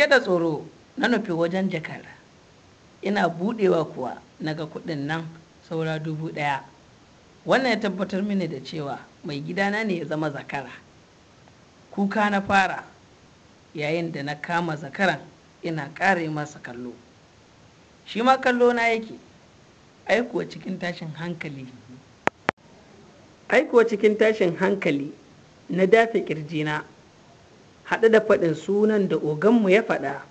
cike da tsoro na nufi wajen jakar ina budewa kuwa naga kudin nan saura dubu daya wannan ya tabbatar mini da cewa mai gidana ne ya zama zakara kuka na fara yayin da na kama zakaran ina kare masa kallo shi ma kallo na yake aikuwa cikin tashin hankali aikuwa cikin tashin hankali na dafe kirjina haɗe da faɗin sunan da oganmu ya faɗa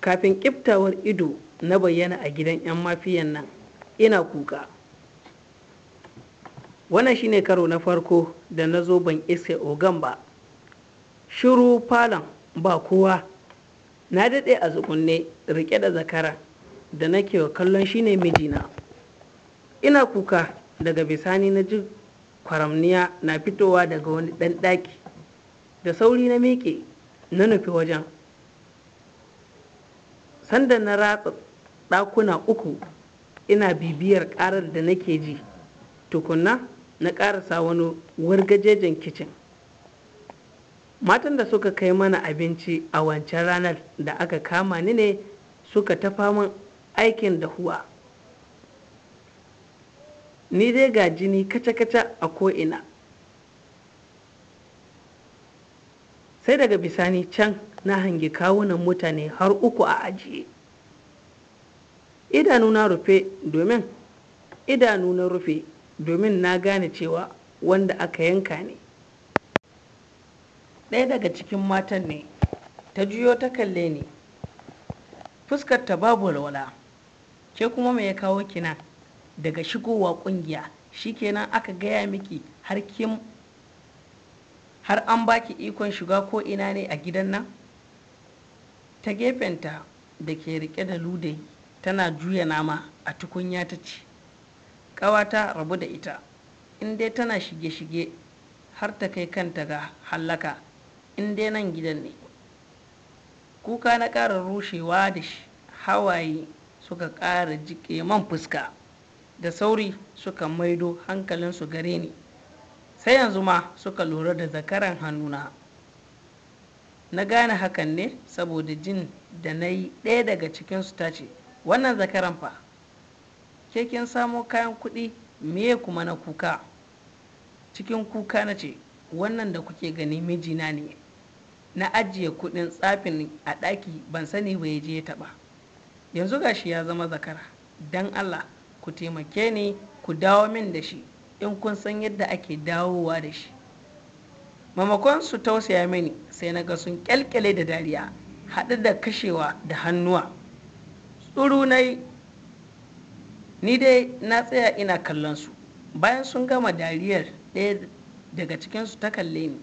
kafin ƙiftawar ido na bayyana a gidan 'yan mafiyan nan ina kuka wannan shine karo na farko da na zo ban iske ogan ba shiru falon ba kowa na daɗe a zukunne riƙe da zakara da nake wa kallon shine mijina ina kuka daga bisani na ji kwaramniya na fitowa daga wani ɗan ɗaki da sauri na miƙe na nufi wajen sanda na ratsa ɗakuna uku ina bibiyar ƙarar da nake ji tukunna na ƙarasa wani wargajejen kicin matan da suka kai mana abinci a wancan ranar da aka kama ni ne suka tafa min aikin da huwa ni dai ga jini kaca-kaca a ko'ina sai daga bisani can na hangi kawunan mutane har uku a ajiye idanu na rufe domin idanu na rufe domin na gane cewa wanda aka yanka ne ɗaya daga cikin matan ne ta juyo ta kalle ni fuskar ta babu walwala ke kuma mai ya kawo kina daga shigowa kungiya kenan aka gaya miki har kin har an baki ikon shiga ko ina ne a gidan nan ta gefenta da ke rike da lude tana juya nama a tukunya ta ce ƙawata rabu da ita in dai tana shige-shige har ta kai kanta ga hallaka in dai nan gidan ne kuka na ƙara rushewa da shi hawaye suka ƙara jike man fuska da sauri suka maido hankalinsu gare ni sai yanzu ma suka lura da zakaran hannuna na gane hakan ne saboda jin da na yi ɗaya daga cikinsu ta ce wannan zakaran fa ke kin samo kayan kuɗi me kuma na kuka cikin kuka na ce wannan da kuke gani mijina ne na ajiye kuɗin tsafin a ɗaki ban sani ba ya je ya taɓa yanzu gashi ya zama zakara don allah ku taimake ni ku dawo min da shi in kun san yadda ake dawowa da shi mamakon su tausaya mini sai na ga sun kyalkyale da dariya haɗu da kashewa da hannuwa tsuru na ni dai na tsaya ina kallon su bayan sun gama dariyar ɗaya daga cikinsu ta kalle ni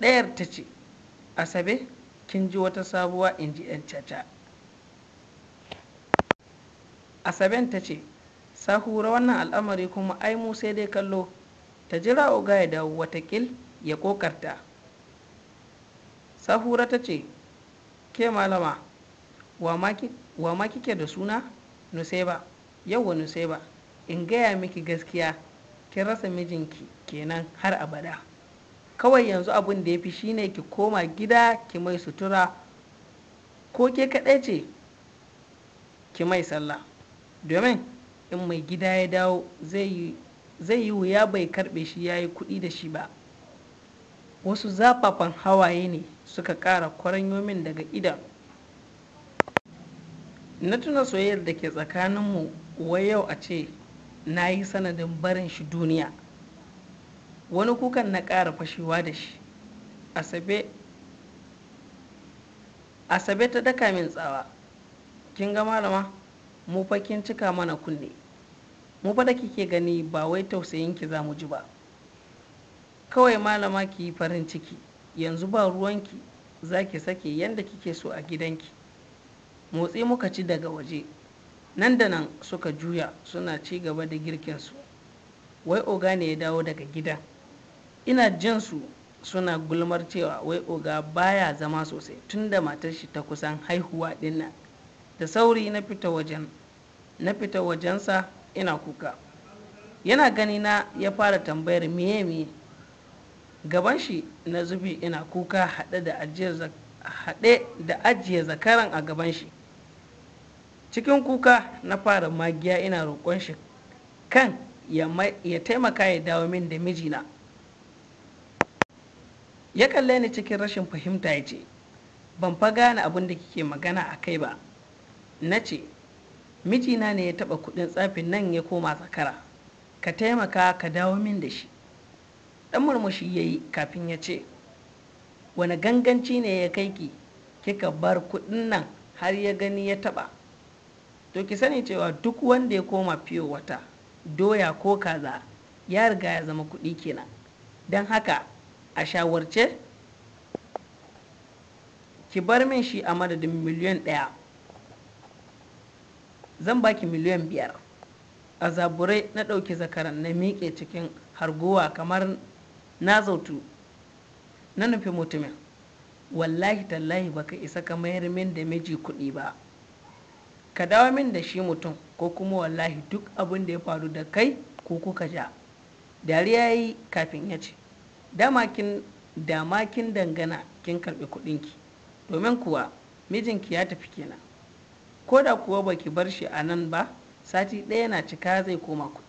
ɗayar ta ce asabe kin ji wata sabuwa in ji 'yan caca asaben ta ce sahura wannan al'amari kuma ai mu sai dai kallo ta jira oga ya dawo watakil ya kokarta sahura ta ce ke malama wa ma kike da suna nuseba wa nuseba in gaya miki gaskiya ki rasa mijinki kenan har abada kawai yanzu abin da ya fi shine ki koma gida ki mai sutura ko ke kaɗai ce ki mai sallah domin in mai gida ya dawo zai yi wuya bai karbe shi ya yi kuɗi da shi ba wasu zafafan hawaye ne suka ƙara kwaranyomin daga idan na tuna soyayyar da ke tsakaninmu wai yau a ce na yi sanadin barin shi duniya wani kukan na ƙara fashewa da shi asabe ta daka min tsawa kin ga malama mu kin cika mana kunne mu fa da kike gani ba wai tausayin ki za mu ji ba kawai malama ki yi farin ciki yanzu ba ruwanki za ki sake yadda kike so a gidanki motsi muka ci daga waje nan da nan suka juya suna ci gaba da girkinsu wai oga ne ya dawo daga gidan ina jinsu suna gulmar cewa wai oga baya zama sosai tunda matar shi ta kusan haihuwa dinnan da sauri na fita wajensa ina kuka yana ganina ya fara tambayar miye miye gaban shi na zubi ina kuka haɗe da ajiye zakaran a gaban shi cikin kuka na fara magiya ina roƙon shi kan ya taimaka ya dawo min da mijina ya kalle ni cikin rashin fahimta ya ce ban fa gane abin da kike magana a kai ba na ce mijina ne ya taɓa kuɗin tsafin nan ya koma zakara ka taimaka ka dawo min da shi ɗan murmushi ya yi kafin ya ce wani ganganci ne ya kai ki kika bar kuɗin nan har ya gani ya taɓa to ki sani cewa duk wanda ya koma fiye wata doya ko kaza ya riga ya zama kuɗi kenan don haka a shawarce ki bar min shi a madadin miliyan ɗaya zan baki miliyan biyar a zaburai na ɗauki zakaran na miƙe cikin hargowa kamar na zautu na nufi mutumin wallahi tallahi baka isa ka mayar min da miji kuɗi ba ka dawo min da shi mutum ko kuma wallahi duk abin da ya faru da kai ko kuka ja dariya ya yi kafin ya ce damakin damakin dangana kin karɓi kuɗinki domin kuwa mijinki ya tafi kenan ko da kuwa baki bar shi a nan ba sati ɗaya na cika zai koma ku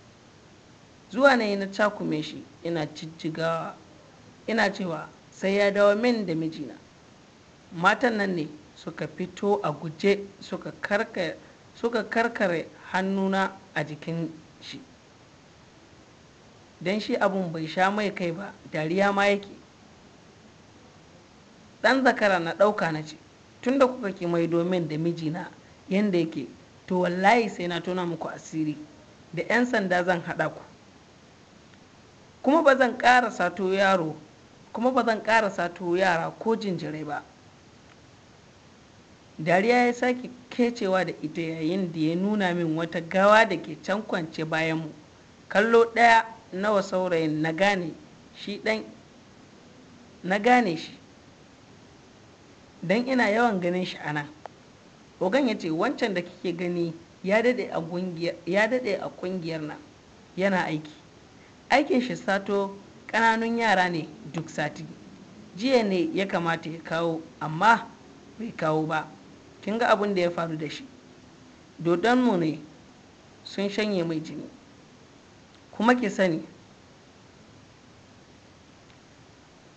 zuwa na yi na cakume shi ina cijjigawa ina cewa sai ya dawo min da mijina matan nan ne suka fito a guje suka karkare suka karkare hannuna a jikin shi don shi abun bai sha mai kai ba dariya ma yake ɗan zakara na ɗauka na ce tunda kuka ki mai domin da mijina yanda yake to wallahi sai na tona muku asiri da 'yan sanda zan haɗa ku kuma ba zan ƙara sato yaro kuma ba zan ƙara sato yara ko jinjirai ba dariya ya sake kecewa da ita yayin da ya nuna min wata gawa da ke can kwance bayan mu kallo ɗaya nawa saurayin na gane shi ɗan na gane shi don ina yawan ganin shi a nan ogan ya ce wancan da kike gani ya dade a ƙungiyar na, yana aiki aikin shi sato ƙananun yara ne duk sati jiya ne ya kamata ya kawo amma bai kawo ba kin ga abin da ya faru da shi dodonmu ne sun shanye mai jini kuma ki sani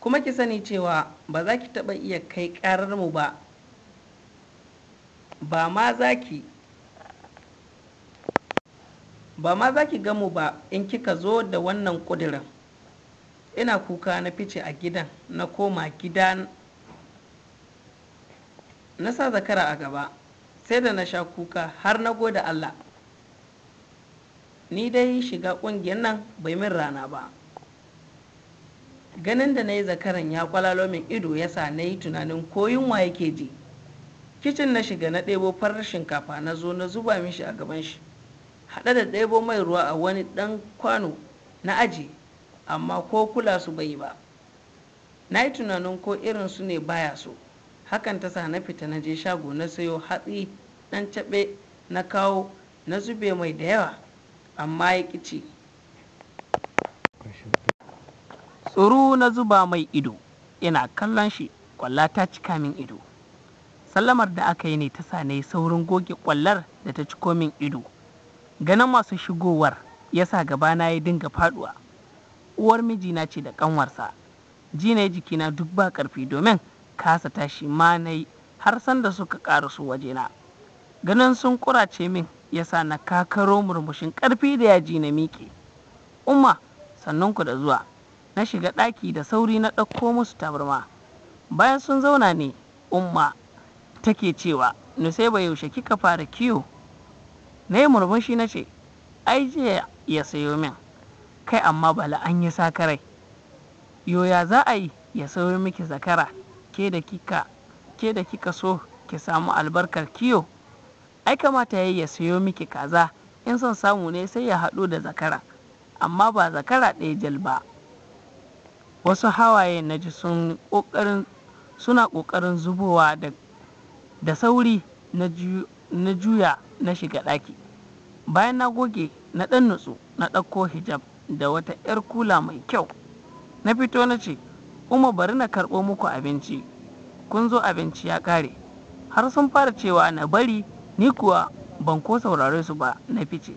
kuma ki sani cewa ba za ki taɓa iya kai ƙarar mu ba ba ma za ki ba ma za ki gamu ba in kika zo da wannan ƙudirin ina kuka na fice a gidan na koma gida na sa zakara a gaba sai da na sha kuka har na gode allah ni dai shiga ƙungiyar nan bai min rana ba ganin da na yi zakaran ya kwalalo min ido ya sa na yi tunanin koyin wa yake ji kicin na shiga na ɗebo farar shinkafa na zo na zuba mishi a gaban shi haɗe da ɗebo mai ruwa a wani ɗan kwano na aji amma ko kula su bai ba na yi tunanin ko irin su ne baya so hakan ta sa na fita na je shago na sayo hatsi ɗan caɓe na kawo na zube mai da yawa amma ya ƙici tsoro na zuba mai ido ina kallon shi kwallata cika min ido sallamar da aka yi ne ta sane saurin goge kwallar da ta ci komin ido ganin masu shigowar ya sa gabana ya dinga faduwa uwar mijina ce da kanwarsa ji na jikina duk ba karfi domin kasa tashi ma na yi har sanda suka waje wajena ganin sun kurace min ya sa na kakaro murmushin karfi da yaji na miƙe umma sannan ku da zuwa na shiga ɗaki da sauri na ɗauko musu tabarma bayan sun zauna ne umma take cewa Nusaiba yaushe kika fara kiwo? na yi murmushi na ce ai jiya ya sayo min kai amma bala an yi sakarai yoya za a yi ya sayo miki zakara ke da kika so ki samu albarkar kiwo? ai kamata yayi ya sayo miki kaza in son samu ne sai ya haɗo da zakara amma ba zakara ɗaya jal ba wasu hawaye na ji suna ƙoƙarin zubowa da Da sauri na juya na shiga ɗaki. Bayan na goge na ɗan nutsu na ɗauko hijab da wata 'yar kula mai kyau. Na fito na ce, Uma bari na karɓo muku abinci. Kun zo abinci ya ƙare. Har sun fara cewa na bari ni kuwa ban ko saurare su ba na fice.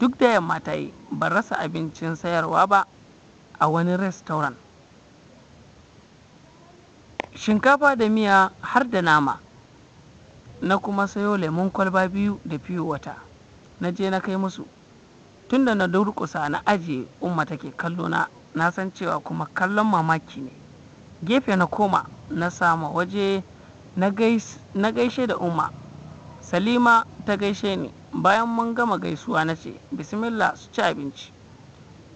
Duk da yamma ta yi ban rasa abincin sayarwa ba a wani restoran. Shinkafa da miya har da nama. na kuma sayo lemon kwalba biyu da fiyo wata na je na kai musu tunda na durƙusa na ajiye umma take kallo na na san cewa kuma kallon mamaki ne gefe na koma na sama waje na gaishe da umma salima ta gaishe ni bayan mun gama gaisuwa na ce bismillah su ci abinci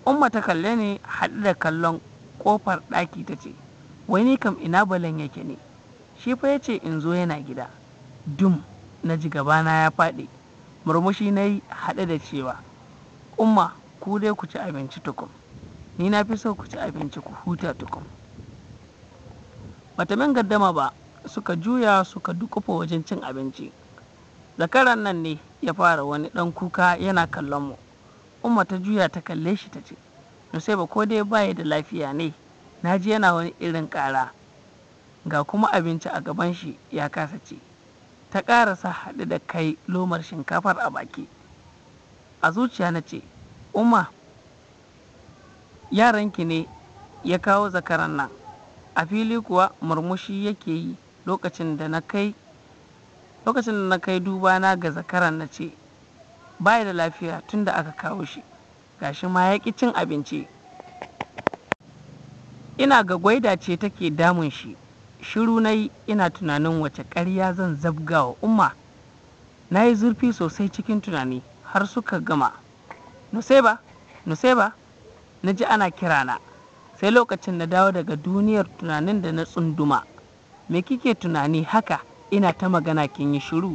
umma ta kalle ni haɗu da kallon ƙofar ɗaki ta ce wai kam ina balan yake ne shi fa ya ce in zo yana gida dum na ji gabana ya faɗi murmushi na yi haɗe da cewa umma ku dai ku ci abinci tukum ni na fi so ku ci abinci ku huta tukum bata min gaddama ba suka juya suka dukufa wajen cin abinci zakaran nan ne ya fara wani ɗan kuka yana kallon mu umma ta juya ta kalle shi ta ce ba ko dai baya da lafiya ne na ji yana wani irin ƙara ga kuma abinci a gaban shi ya kasa ce. ta ƙarasa sahaɗi da kai lomar shinkafar a baki a zuciya na ce umma yaranki ne ya kawo zakaran nan a fili kuwa murmushi yake yi lokacin da na kai dubana duba na ga zakaran na ce baya da lafiya tunda aka kawo shi gashi ma ya ƙi cin abinci ina ga gwaida ce take damun shi shiru na yi ina tunanin wace ƙarya zan zabga wa umma na yi zurfi sosai cikin tunani har suka gama nuseba nuseba na ji ana kirana sai lokacin na dawo daga duniyar tunanin da na tsunduma me kike tunani haka ina ta magana kin yi shiru